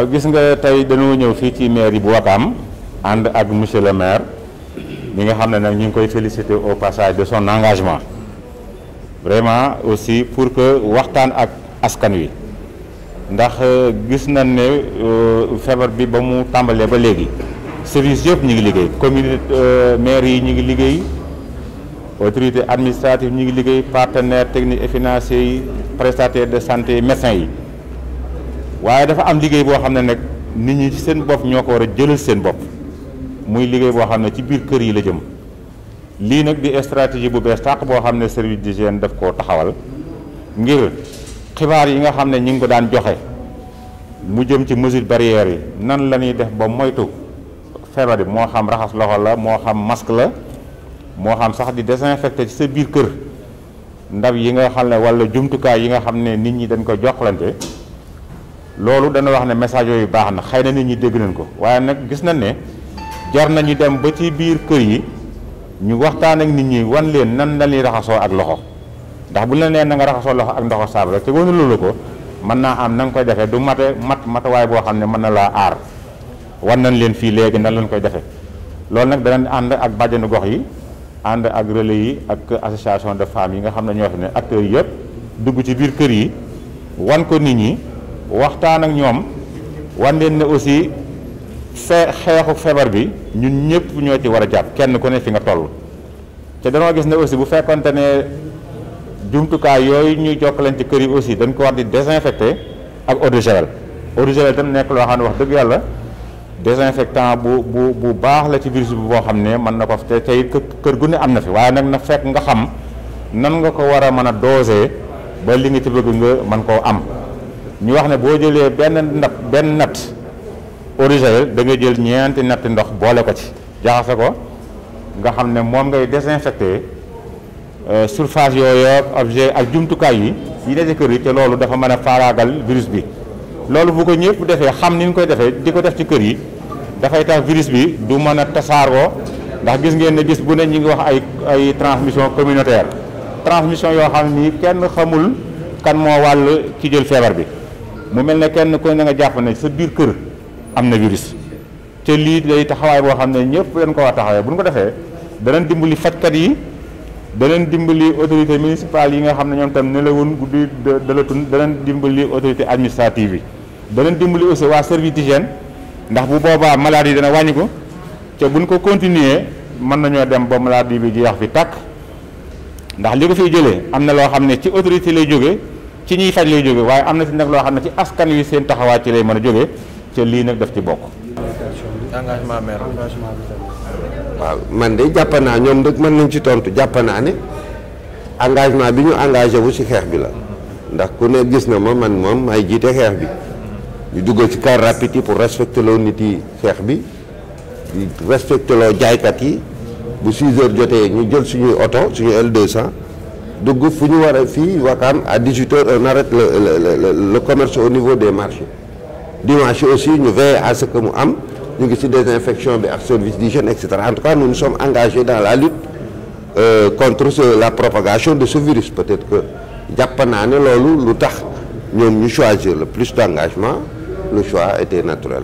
waaw gis nga tey dañoo ñëw fii ci yi bu Wakaam ànd ak monsieur le maire mi nga xam ne nag ñu ngi koy féliciter au passage de son engagement vraiment aussi pour que waxtaan ak askan wi ndax euh, gis nañ ne euh, feebar bi ba mu tàmbalee ba léegi service yëpp ñu ngi liggéey commune euh, maire yi ñu ngi liggéey autorité administrative ñu ngi liggéey partenaires technique et financiers yi prestataires de santé médecins yi waaye dafa am liggéey boo xam ne nag nit ñi seen bopp ñoo ko war a jëlal seen bopp muy liggéey boo xam ne ci biir kër yi la jëm lii nag di stratégie bu bees tàq boo xam ne service d'hygiène def koo taxawal ngir xibaar yi nga xam ne ñu ngi ko daan joxe mu jëm ci mesure barrière yi nan la ñuy def ba moytu feebar bi moo xam raxas loxo la moo xam masque la moo xam sax di désinfecté ci sa biir kër ndab yi nga xam ne wala jumtukaay yi nga xam ne nit ñi dañ ko joxlante loolu dana wax ne message yooyu baax na xëy na nit ñi dégg nañ ko waaye nag gis nañ ne jar nañu dem ba ci biir kër yi ñu waxtaan ak nit ñi wan leen nan la ñuy raxasoo ak loxo ndax bu la nee na nga raxasoo loxo ak ndoxo saabu rek te wanu loolu ko mën naa am na nga koy defee du mate mat matawaay boo xam ne mën na laa aar wan nañ leen fii léegi nan lañu koy defee loolu nag danañ ànd ak bàjjenu gox yi ànd ak relais yi ak association de femmes yi nga xam ne ñoo fi ne acteurs yi yëpp dugg ci biir kër yi wan ko nit ñi waxtaan ak ñoom wan leen ne aussi fe xeexu feebar bi ñun ñëpp ñoo ci war a jàpp kenn ku ne fi nga toll te danoo gis ne aussi bu fekkante ne jumtukaay yooyu ñuy ci kër yi aussi dañ ko war di désinfecté ak eau de javel eau de nekk loo xam ne wax dëgg yàlla désinfectant bu bu bu baax la ci virus bi boo xam ne mën na ko te tey kër gu ne am na fi waaye nag na fekk nga xam nan nga ko war a mën a doser ba li nga ci bëgg nga mën koo am ñu wax ne boo jëlee benn nat benn natt original da nga jël ñeenti natt ndox boole ko ci jaxase ko nga xam ne moom ngay désinfecté euh, surface yooyu ak objet ak jumtukaay yi yi ne ci kër yi te loolu dafa mën a faaraagal virus bi loolu bu ko ñëpp defee xam ni ñu koy defee di ko def ci kër yi dafay tax virus bi du mën a tasaaroo ndax gis ngeen ne gis bu ne ñu ngi wax ay ay transmission communautaire transmission yoo xam ni kenn xamul kan moo wàll ki jël feebar bi mu mel ne kenn ku na nga jàpp ne sa biir kër am na virus te lii lay taxawaay boo xam ne ñëpp dañ ko war taxawee bu ñu ko defee danañ dimbali fajkat yi danañ dimbali autorité municipale yi nga xam ne ñoom tam nelawun guddi dala dalatun danañ dimbali autorité administrative yi danañ dimbali aussi waa service d'hygiène ndax bu boobaa maladie dana wàññi ko te buñ ko continuer mën nañoo dem ba maladie bi jeex fi tàkk ndax li ko fiy jëlee am na loo xam ne ci autorité lay jógee ci ñuy faj lay jóge waaye am na ci nag loo xam ne ci askan yu seen taxawaay ci lay mën a jóge ca lii nag daf ci bokk. engagement waaw man de jàpp naa ñoom nag mën nañ ci tontu jàpp naa ne engagement bi ñu engagé wu ci xeex bi la ndax ku ne gis na ma man moom may jiite xeex bi ñu duggal ci car rapide pour respecter loo nit yi xeex bi di respecter loo jaaykat yi bu 6 heures jotee ñu jël suñuy oto suñu L200. dugg fu ñu war a fii Wakam à 18 heures on arrête le le le au niveau des marchés dimanche aussi ñu veille à ce que mu am ñu ngi ci désinfection bi ak service d'hygiène et cetera en tout cas nous nous sommes engagés dans la lutte euh, contre la propagation de ce virus peut-être que jàpp naa ne loolu lu tax ñoom ñu choisir le plus d'engagement le choix était naturel.